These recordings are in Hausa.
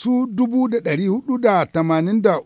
su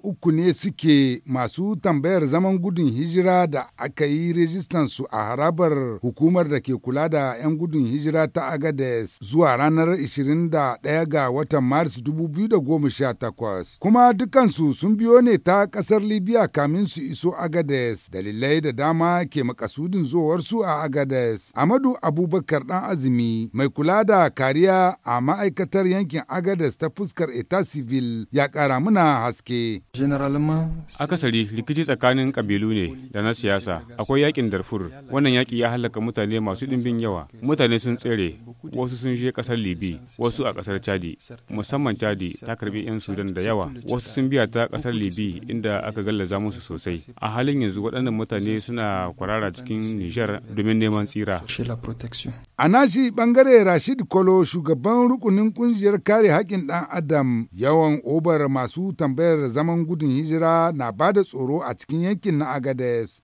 uku ne suke masu tambayar zaman gudun hijira da aka yi rijistan su a harabar hukumar da ke kula da 'yan gudun hijira ta Agades zuwa ranar 21 ga watan Maris 2018. Kuma dukansu sun biyo ne ta kasar Libya kamin su iso Agades. Dalilai da dama ke makasudin zuwarsu a Agades. Amadu Abubakar dan azumi mai kula da kariya a ma'aikatar yankin Agades ta fuskar ta Civil ya kara muna haske. Akasari rikici tsakanin kabilu ne da na siyasa. Akwai yakin Darfur. Wannan yaki ya halaka mutane masu ɗimbin yawa. Mutane sun tsere, wasu sun je ƙasar Libi, wasu a ƙasar Chadi. Musamman Chadi ta karbi 'yan Sudan da yawa. Wasu sun biya ta ƙasar Libi inda aka gallaza musu sosai. A halin yanzu waɗannan mutane suna kwarara cikin Nijar domin neman tsira. A nashi bangare Rashid Kolo shugaban rukunin kungiyar kare hakin ɗan Adam yawan obar masu tambayar zaman gudun hijira na ba da tsoro a cikin yankin na Agades.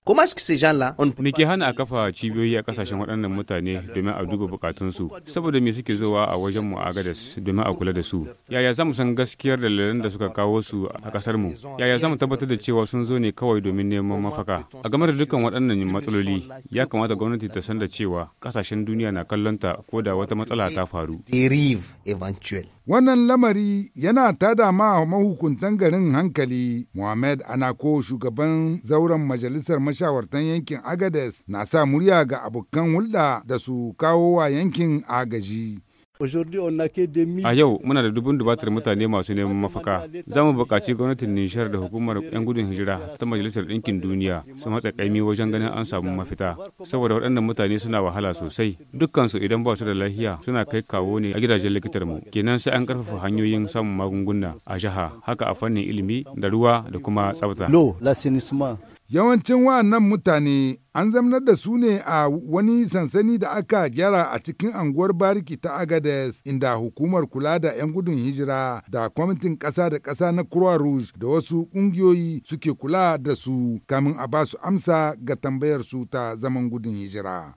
Ni ke hana a kafa cibiyoyi a ƙasashen waɗannan mutane domin a duba bukatunsu saboda me suke zuwa a wajen mu Agades domin a kula da su. Yaya za mu san gaskiyar dalilan da suka kawo su a ƙasar mu? Yaya za mu tabbatar da cewa sun zo ne kawai domin neman mafaka? A game da dukkan waɗannan matsaloli ya kamata gwamnati ta san da cewa kasashen duniya na na ta ko da wata matsala ta faru. Wannan lamari yana tada ma mahukuntan garin hankali Mohamed Anako shugaban zauren majalisar mashawartan yankin Agades na sa murya ga abokan hulɗa da su kawo wa yankin agaji. A yau muna da dubun dubatar mutane masu neman mafaka. Za mu buƙaci gwamnatin Nishar da hukumar 'yan gudun hijira ta Majalisar Ɗinkin Duniya su matsa ƙaimi wajen ganin an samu mafita. Saboda waɗannan mutane suna wahala sosai. Dukkansu idan ba su da lafiya suna kai kawo ne a gidajen likitar mu. Kenan sai an ƙarfafa hanyoyin samun magunguna a jiha, haka a fannin ilimi da ruwa da kuma tsafta. Yawancin wa'annan mutane an zamanar da su ne a wani sansani da aka gyara a cikin anguwar Bariki ta Agades inda hukumar kula da 'yan gudun hijira da kwamitin ƙasa da ƙasa na Croix Rouge da wasu ƙungiyoyi suke kula da su kamin a ba su amsa ga tambayar su ta zaman gudun hijira.